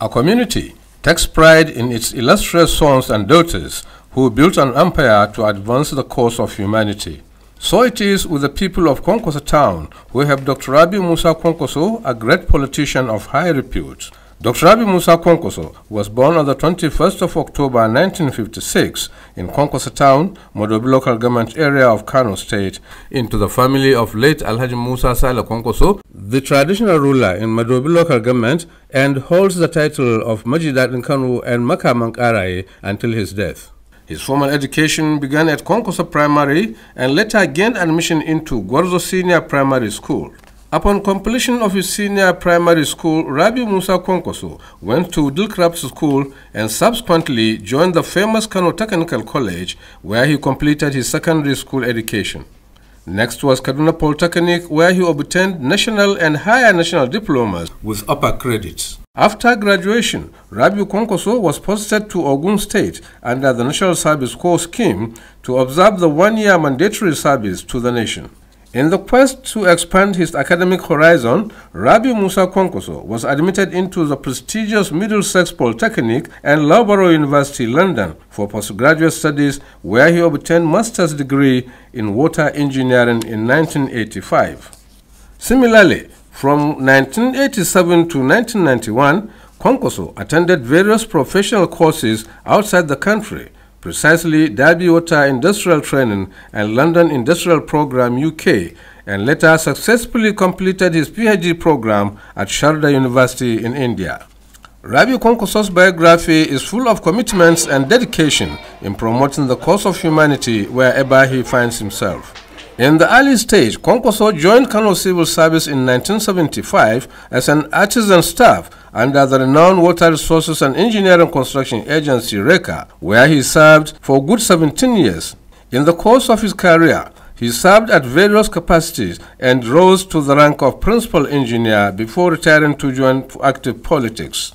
Our community takes pride in its illustrious sons and daughters who built an empire to advance the cause of humanity. So it is with the people of Konkoso town, who have Dr. Rabi Musa Konkoso, a great politician of high repute, Dr. Abi Musa Konkoso was born on the 21st of October 1956 in Konkoso town, Modobi local government area of Kano state, into the family of late Alhaji Musa Sala Konkoso, the traditional ruler in Modobi local government and holds the title of Majidat Nkanu and Makamang Arai until his death. His formal education began at Konkoso Primary and later gained admission into Gorzo Senior Primary School. Upon completion of his senior primary school, Rabbi Musa Konkoso went to Dilkrab's school and subsequently joined the famous Kano Technical College where he completed his secondary school education. Next was Kaduna Polytechnic where he obtained national and higher national diplomas with upper credits. After graduation, Rabbi Konkoso was posted to Ogun State under the National Service Corps scheme to observe the one-year mandatory service to the nation. In the quest to expand his academic horizon, Rabbi Musa Konkoso was admitted into the prestigious Middlesex Polytechnic and Loughborough University, London, for postgraduate studies where he obtained master's degree in water engineering in 1985. Similarly, from 1987 to 1991, Konkoso attended various professional courses outside the country, precisely Derby Water Industrial Training and London Industrial Programme UK, and later successfully completed his PhD program at Sharda University in India. Ravi Konkoso's biography is full of commitments and dedication in promoting the cause of humanity wherever he finds himself. In the early stage, Konkoso joined Kano Civil Service in 1975 as an artisan staff under the renowned Water Resources and Engineering Construction Agency RECA, where he served for a good 17 years. In the course of his career, he served at various capacities and rose to the rank of principal engineer before retiring to join active politics.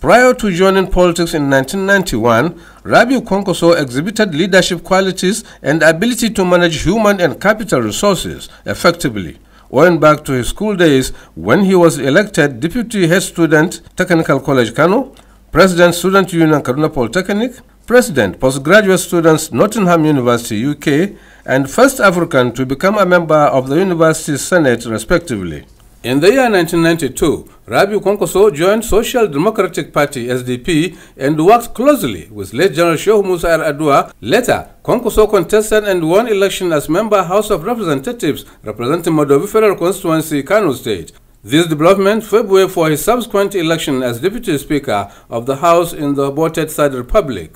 Prior to joining politics in 1991, Rabiu Konkoso exhibited leadership qualities and ability to manage human and capital resources effectively went back to his school days when he was elected deputy head student, Technical College Kano, president, Student Union Kaduna Polytechnic, president, postgraduate students, Nottingham University, UK, and first African to become a member of the university Senate, respectively. In the year 1992, Rabi Kwankwaso joined Social Democratic Party SDP and worked closely with late General Shehu Musa Adua. Later, Kwankwaso contested and won election as member House of Representatives representing Modovi Federal Constituency, Kano State. This development paved way for his subsequent election as Deputy Speaker of the House in the aborted Third Republic.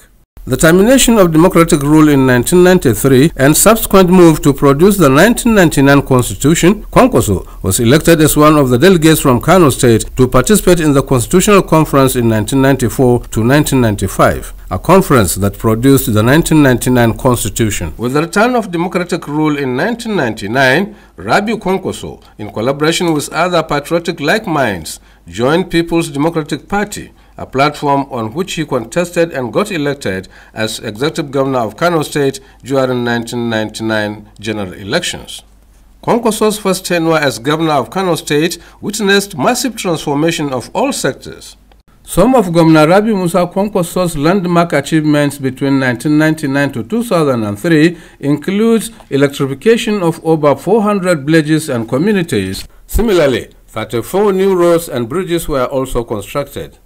The termination of democratic rule in 1993 and subsequent move to produce the 1999 constitution, Konkosu was elected as one of the delegates from Kano State to participate in the Constitutional Conference in 1994 to 1995 a conference that produced the 1999 constitution. With the return of democratic rule in 1999, Rabiu Konkoso, in collaboration with other patriotic like minds, joined People's Democratic Party a platform on which he contested and got elected as executive governor of Kano State during 1999 general elections. Kwankwaso's first tenure as governor of Kano State witnessed massive transformation of all sectors. Some of Governor Rabi Musa Kwankwaso's landmark achievements between 1999 to 2003 includes electrification of over 400 villages and communities. Similarly, 34 new roads and bridges were also constructed.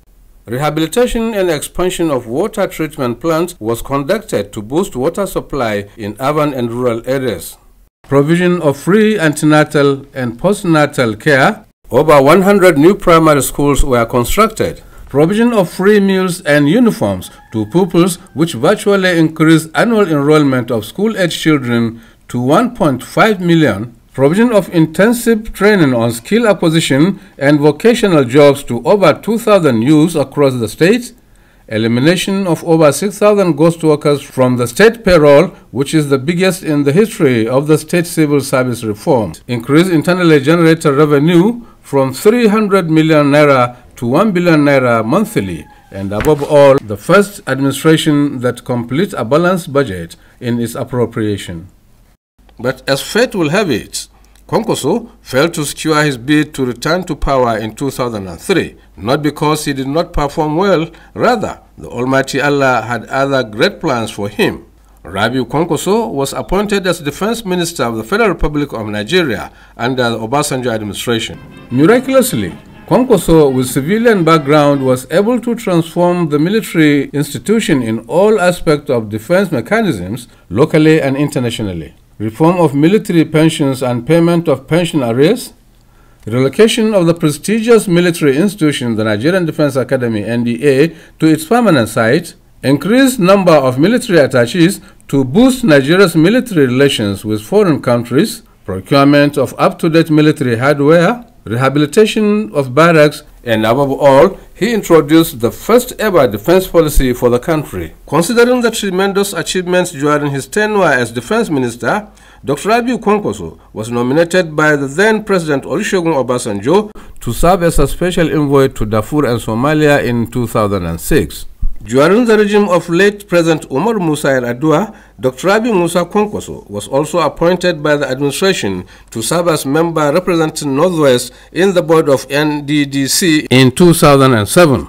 Rehabilitation and expansion of water treatment plants was conducted to boost water supply in urban and rural areas. Provision of free antenatal and postnatal care. Over 100 new primary schools were constructed. Provision of free meals and uniforms to pupils which virtually increased annual enrollment of school-age children to 1.5 million Provision of intensive training on skill acquisition and vocational jobs to over 2,000 youths across the state. Elimination of over 6,000 ghost workers from the state payroll, which is the biggest in the history of the state civil service reform. Increase internally generated revenue from 300 million naira to 1 billion naira monthly. And above all, the first administration that completes a balanced budget in its appropriation. But as fate will have it, Konkoso failed to secure his bid to return to power in 2003, not because he did not perform well, rather, the Almighty Allah had other great plans for him. Rabiu Konkoso was appointed as Defense Minister of the Federal Republic of Nigeria under the Obasanjo administration. Miraculously, Konkoso, with civilian background, was able to transform the military institution in all aspects of defense mechanisms, locally and internationally reform of military pensions and payment of pension arrears, relocation of the prestigious military institution, the Nigerian Defense Academy, NDA, to its permanent site, increased number of military attaches to boost Nigeria's military relations with foreign countries, procurement of up-to-date military hardware, rehabilitation of barracks and above all, he introduced the first ever defense policy for the country. Considering the tremendous achievements during his tenure as defense minister, Dr. Abiy Kwankwaso was nominated by the then President Olusegun Obasanjo to serve as a special envoy to Darfur and Somalia in 2006. During the regime of late President Umar Musa el-Adua, Dr. Rabi Musa Kwankwaso was also appointed by the administration to serve as member representing Northwest in the board of NDDC in 2007.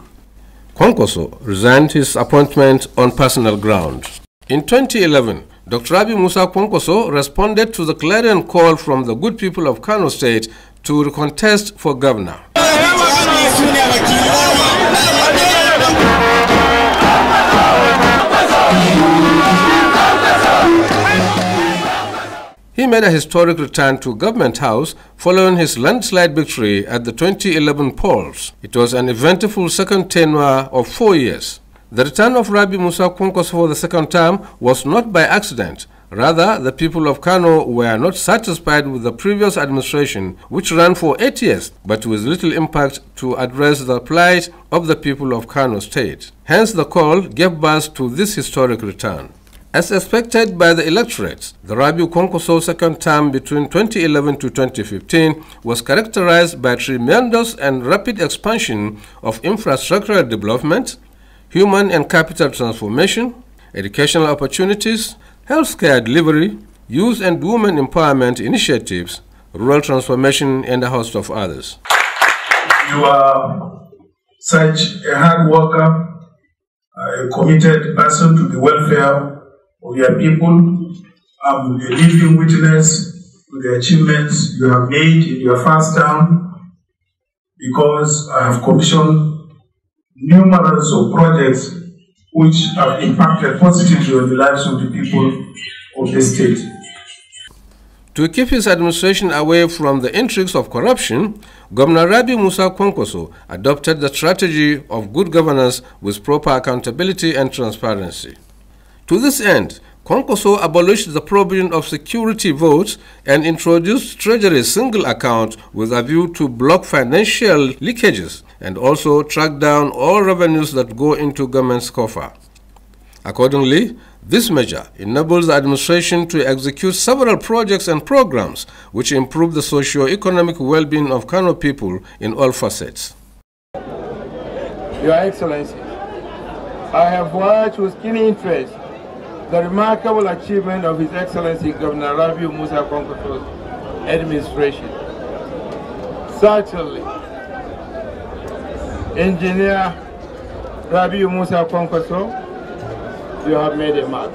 Kwankwaso resigned his appointment on personal ground. In 2011, Dr. Rabi Musa Kwankwaso responded to the clarion call from the good people of Kano State to contest for governor. He made a historic return to Government House following his landslide victory at the 2011 polls. It was an eventful second tenure of four years. The return of Rabi Musa Konkos for the second term was not by accident. Rather, the people of Kano were not satisfied with the previous administration, which ran for eight years, but with little impact to address the plight of the people of Kano state. Hence, the call gave birth to this historic return. As expected by the electorate, the Rabiu Konkoso's second term between 2011 to 2015 was characterized by tremendous and rapid expansion of infrastructural development, human and capital transformation, educational opportunities, healthcare delivery, youth and women empowerment initiatives, rural transformation, and a host of others. You are such a hard worker, a committed person to the welfare of your people um, a living witness to the achievements you have made in your first term because I have commissioned numerous of projects which have impacted positively on the lives of the people of the state. To keep his administration away from the intrigues of corruption, Governor Rabi Musa Kwankwaso adopted the strategy of good governance with proper accountability and transparency. To this end, Concoso abolished the provision of security votes and introduced Treasury single account with a view to block financial leakages and also track down all revenues that go into government's coffer. Accordingly, this measure enables the administration to execute several projects and programs which improve the socio-economic well-being of Kano people in all facets. Your Excellency, I have watched with keen interest the remarkable achievement of His Excellency Governor Ravi Musa Konkoto's administration. Certainly, Engineer Ravi Musa Konkoto, you have made a mark.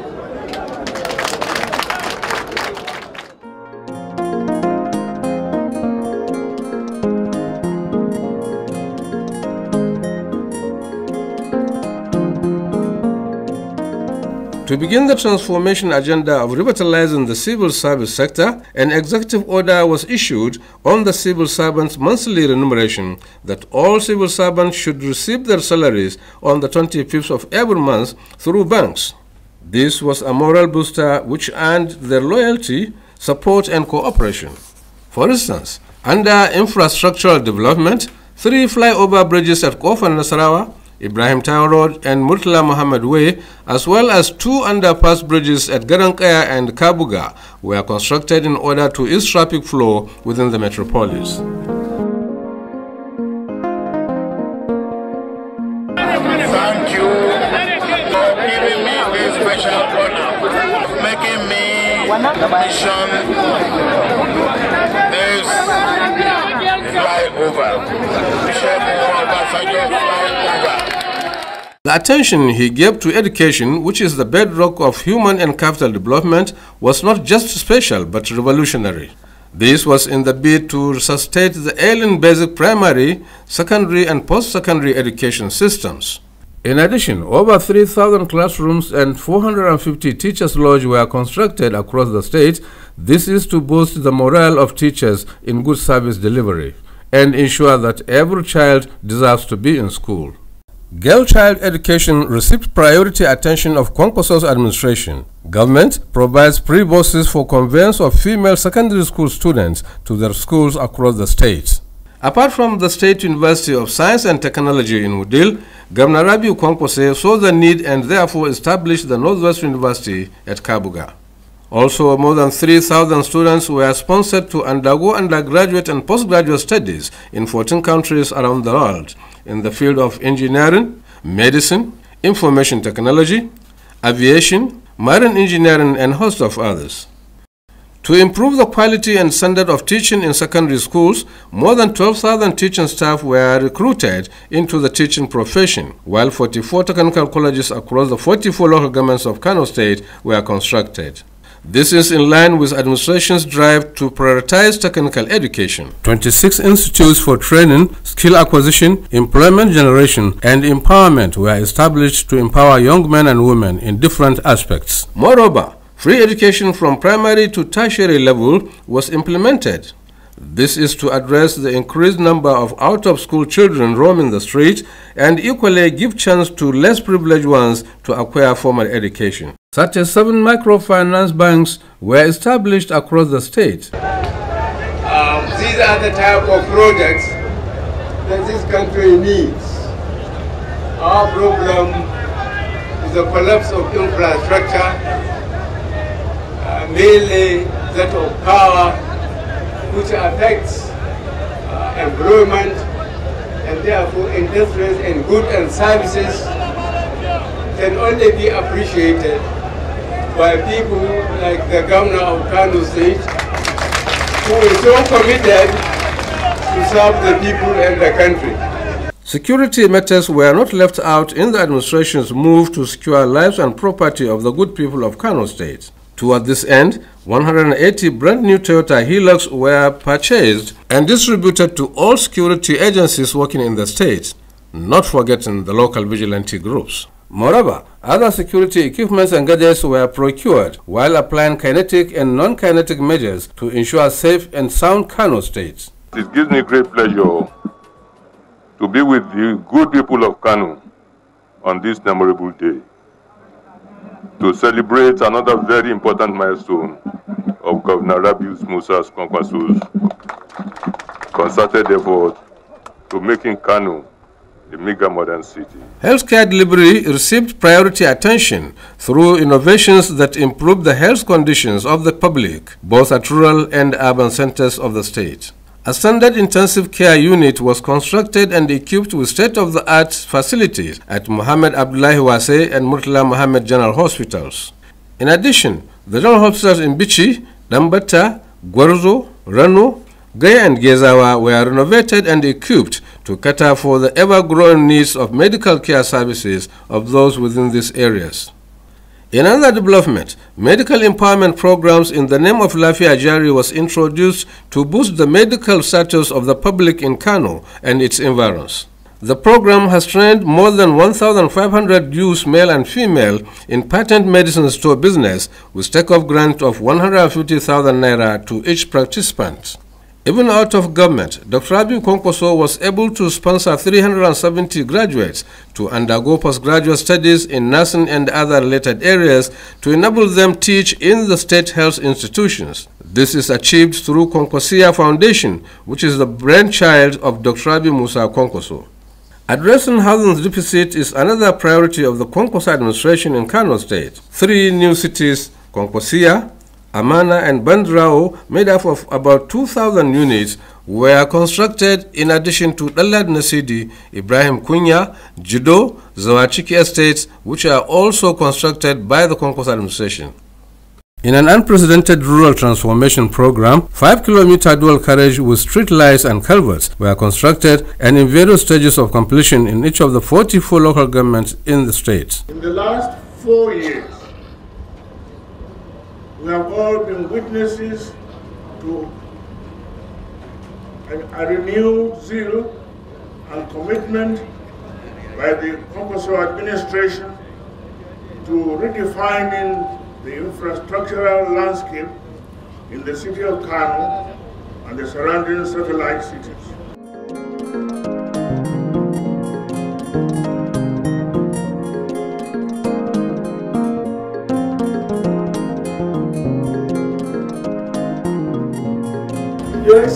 To begin the transformation agenda of revitalizing the civil service sector, an executive order was issued on the civil servants' monthly remuneration that all civil servants should receive their salaries on the 25th of every month through banks. This was a moral booster which earned their loyalty, support, and cooperation. For instance, under infrastructural development, three flyover bridges at Kofa Nasarawa Ibrahim Town Road and Murtala Muhammad Way, as well as two underpass bridges at Garankaya and Kabuga, were constructed in order to ease traffic flow within the metropolis. Thank you for giving me this special honor, making me mission this flyover. Bishop the attention he gave to education, which is the bedrock of human and capital development, was not just special but revolutionary. This was in the bid to resuscitate the alien basic primary, secondary, and post secondary education systems. In addition, over 3,000 classrooms and 450 teachers' lodges were constructed across the state. This is to boost the morale of teachers in good service delivery and ensure that every child deserves to be in school. Girl child education received priority attention of Kwankoso's administration. Government provides free buses for conveyance of female secondary school students to their schools across the state. Apart from the State University of Science and Technology in Udil, Governor Rabiu Kwankose saw the need and therefore established the Northwest University at Kabuga. Also, more than 3,000 students were sponsored to undergo undergraduate and postgraduate studies in 14 countries around the world in the field of engineering, medicine, information technology, aviation, marine engineering, and host of others. To improve the quality and standard of teaching in secondary schools, more than 12,000 teaching staff were recruited into the teaching profession, while 44 technical colleges across the 44 local governments of Kano State were constructed. This is in line with administration's drive to prioritize technical education. 26 institutes for training, skill acquisition, employment generation, and empowerment were established to empower young men and women in different aspects. Moreover, free education from primary to tertiary level was implemented. This is to address the increased number of out-of-school children roaming the street and equally give chance to less privileged ones to acquire formal education. 37 microfinance banks were established across the state. Um, these are the type of projects that this country needs. Our problem is the collapse of infrastructure, uh, mainly that of power, which affects uh, employment and therefore industries and goods and services can only be appreciated by people like the governor of Kano State, who is so committed to serve the people and the country. Security matters were not left out in the administration's move to secure lives and property of the good people of Kano State. Toward this end, 180 brand new Toyota Hilux were purchased and distributed to all security agencies working in the state, not forgetting the local vigilante groups. Moreover, other security equipments and gadgets were procured while applying kinetic and non-kinetic measures to ensure safe and sound Kano State. It gives me great pleasure to be with the good people of Kano on this memorable day to celebrate another very important milestone of Governor Rabius Musa's Kwankwaso's concerted effort to making Kano a mega modern city. Healthcare delivery received priority attention through innovations that improve the health conditions of the public, both at rural and urban centers of the state. A standard intensive care unit was constructed and equipped with state-of-the-art facilities at Muhammad Abdullahi Wase and Murtala Muhammad General Hospitals. In addition, the general hospitals in Bichi, Dambata, Guarzo, Rano, Gaya and Gezawa were renovated and equipped to cater for the ever-growing needs of medical care services of those within these areas. In another development, medical empowerment programs in the name of Lafia Jari was introduced to boost the medical status of the public in Kano and its environs. The program has trained more than 1,500 youths, male and female, in patent medicine store business with take-off grant of 150,000 naira to each participant. Even out of government, Dr. Abu Konkoso was able to sponsor 370 graduates to undergo postgraduate studies in nursing and other related areas to enable them teach in the state health institutions. This is achieved through Konkosia Foundation, which is the brainchild of Dr. Abu Musa Konkoso. Addressing housing deficit is another priority of the Konkoso administration in Kano State. Three new cities, Konkosia, Amana and Bandrao, made up of about 2,000 units, were constructed in addition to Dalad Nasidi, Ibrahim Kunya, Judo, Zawachiki estates, which are also constructed by the Concourse administration. In an unprecedented rural transformation program, 5-kilometer dual carriage with street lights and culverts were constructed and in various stages of completion in each of the 44 local governments in the state. In the last four years, we have all been witnesses to a renewed zeal and commitment by the Composo administration to redefining the infrastructural landscape in the city of Kano and the surrounding satellite cities.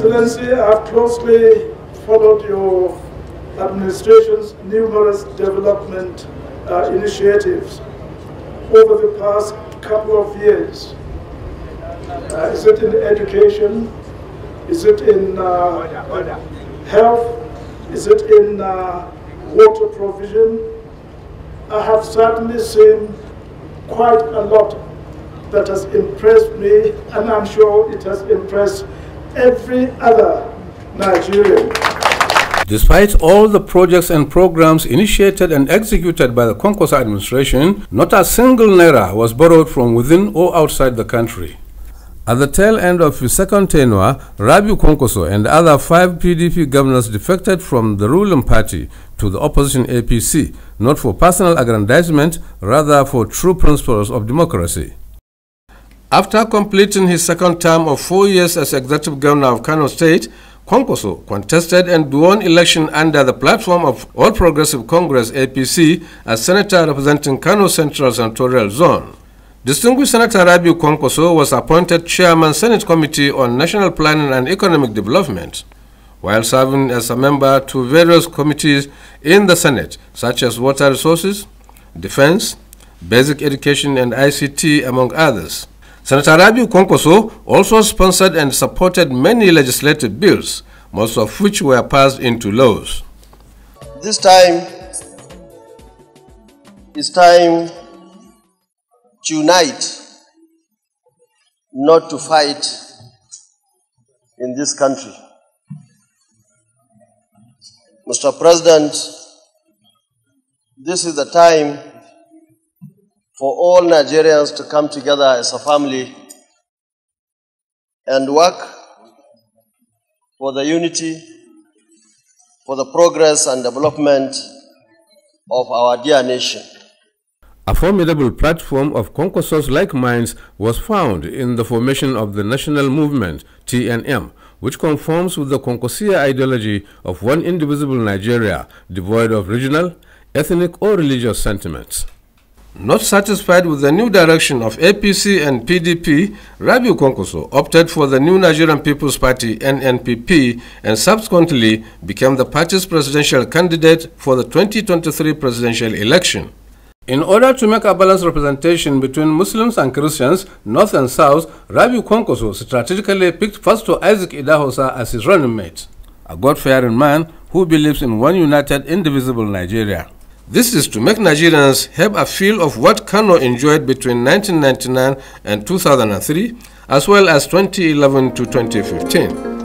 Excellency, I've closely followed your administration's numerous development uh, initiatives over the past couple of years. Uh, is it in education? Is it in uh, health? Is it in uh, water provision? I have certainly seen quite a lot that has impressed me, and I'm sure it has impressed every other Nigerian. Despite all the projects and programs initiated and executed by the Concourse administration, not a single naira was borrowed from within or outside the country. At the tail end of his second tenure, Rabiu Konkoso and other five PDP governors defected from the ruling party to the opposition APC, not for personal aggrandizement, rather for true principles of democracy. After completing his second term of four years as executive governor of Kano State, Kwankwaso contested and won election under the platform of All Progressive Congress APC as senator representing Kano Central Senatorial Zone. Distinguished Senator Rabiu Kwankwaso was appointed chairman Senate Committee on National Planning and Economic Development while serving as a member to various committees in the Senate such as Water Resources, Defense, Basic Education and ICT among others. Senator Rabiu Kwankwaso also sponsored and supported many legislative bills, most of which were passed into laws. This time is time to unite, not to fight in this country. Mr. President, this is the time for all Nigerians to come together as a family and work for the unity, for the progress and development of our dear nation. A formidable platform of concussors like minds was found in the formation of the national movement, TNM, which conforms with the Concosia ideology of one indivisible Nigeria, devoid of regional, ethnic, or religious sentiments. Not satisfied with the new direction of APC and PDP, Rabiu Konkoso opted for the New Nigerian People's Party NNPP and subsequently became the party's presidential candidate for the 2023 presidential election. In order to make a balanced representation between Muslims and Christians, North and South, Rabiu Konkoso strategically picked Pastor Isaac Idahosa as his running mate, a God-fearing man who believes in one united, indivisible Nigeria. This is to make Nigerians have a feel of what Kano enjoyed between 1999 and 2003, as well as 2011 to 2015.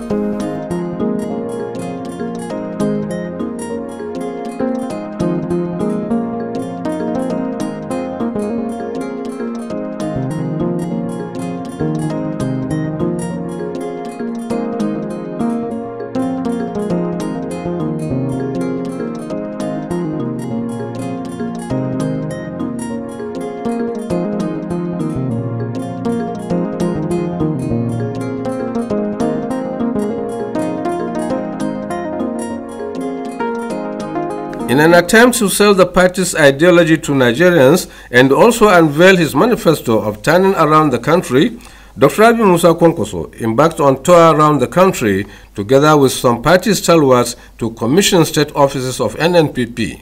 attempt to sell the party's ideology to Nigerians and also unveil his manifesto of turning around the country, Dr. Abi Musa Konkoso embarked on tour around the country together with some party stalwarts to commission state offices of NNPP.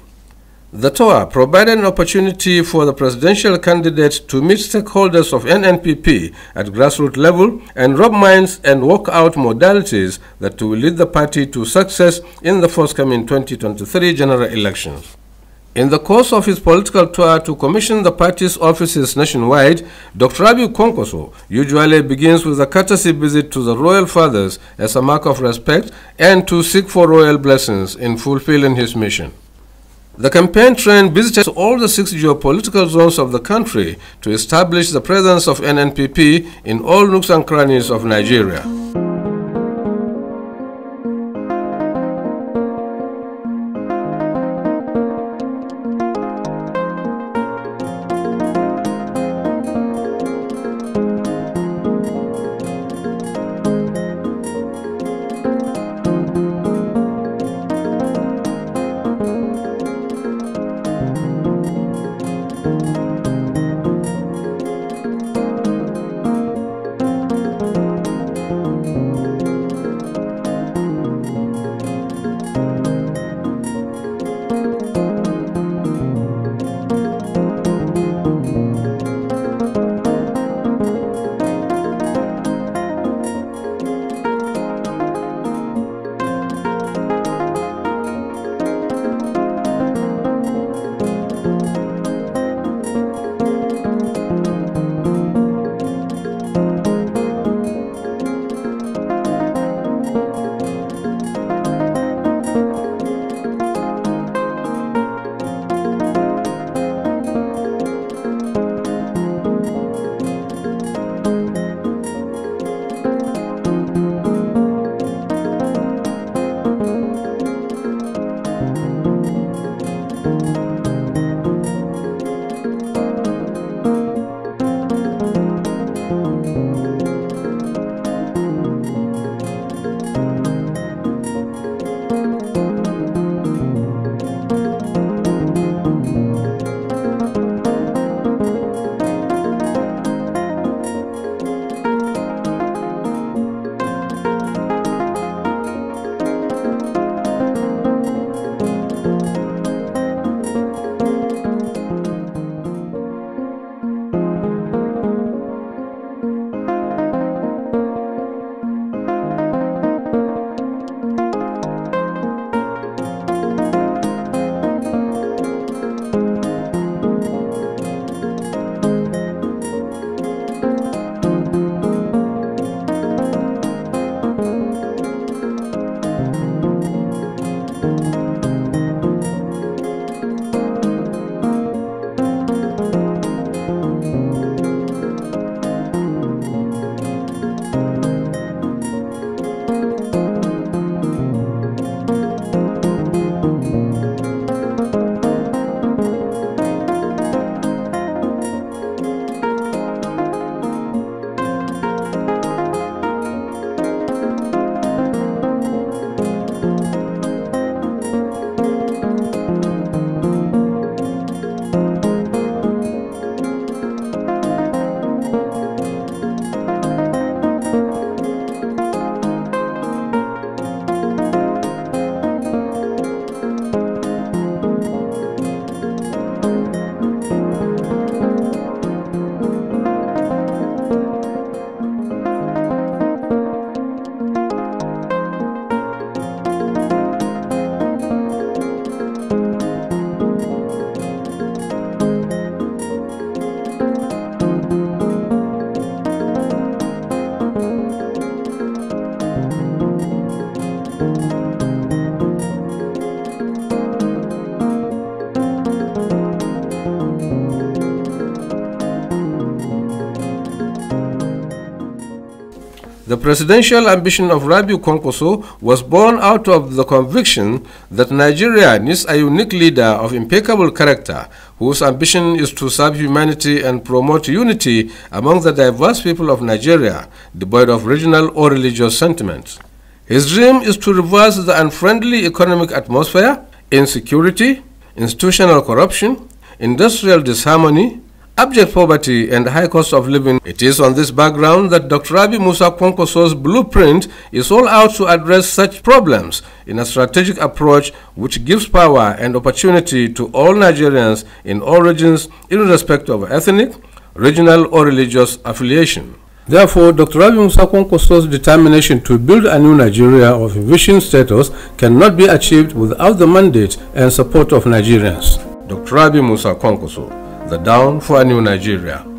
The tour provided an opportunity for the presidential candidate to meet stakeholders of NNPP at grassroots level and rub minds and work out modalities that will lead the party to success in the forthcoming 2023 general elections. In the course of his political tour to commission the party's offices nationwide, Dr. Abu Konkoso usually begins with a courtesy visit to the royal fathers as a mark of respect and to seek for royal blessings in fulfilling his mission. The campaign train visited all the six geopolitical zones of the country to establish the presence of NNPP in all nooks and crannies of Nigeria. presidential ambition of Rabi Kwankwaso was born out of the conviction that Nigeria needs a unique leader of impeccable character whose ambition is to serve humanity and promote unity among the diverse people of Nigeria, devoid of regional or religious sentiment. His dream is to reverse the unfriendly economic atmosphere, insecurity, institutional corruption, industrial disharmony, Abject poverty and high cost of living. It is on this background that Dr. Abi Musa Kwankoso's blueprint is all out to address such problems in a strategic approach which gives power and opportunity to all Nigerians in all regions irrespective of ethnic, regional or religious affiliation. Therefore, Dr. Rabi Musa Kwankoso's determination to build a new Nigeria of vision status cannot be achieved without the mandate and support of Nigerians. Dr. Rabi Musa Kwankoso the Down for a New Nigeria.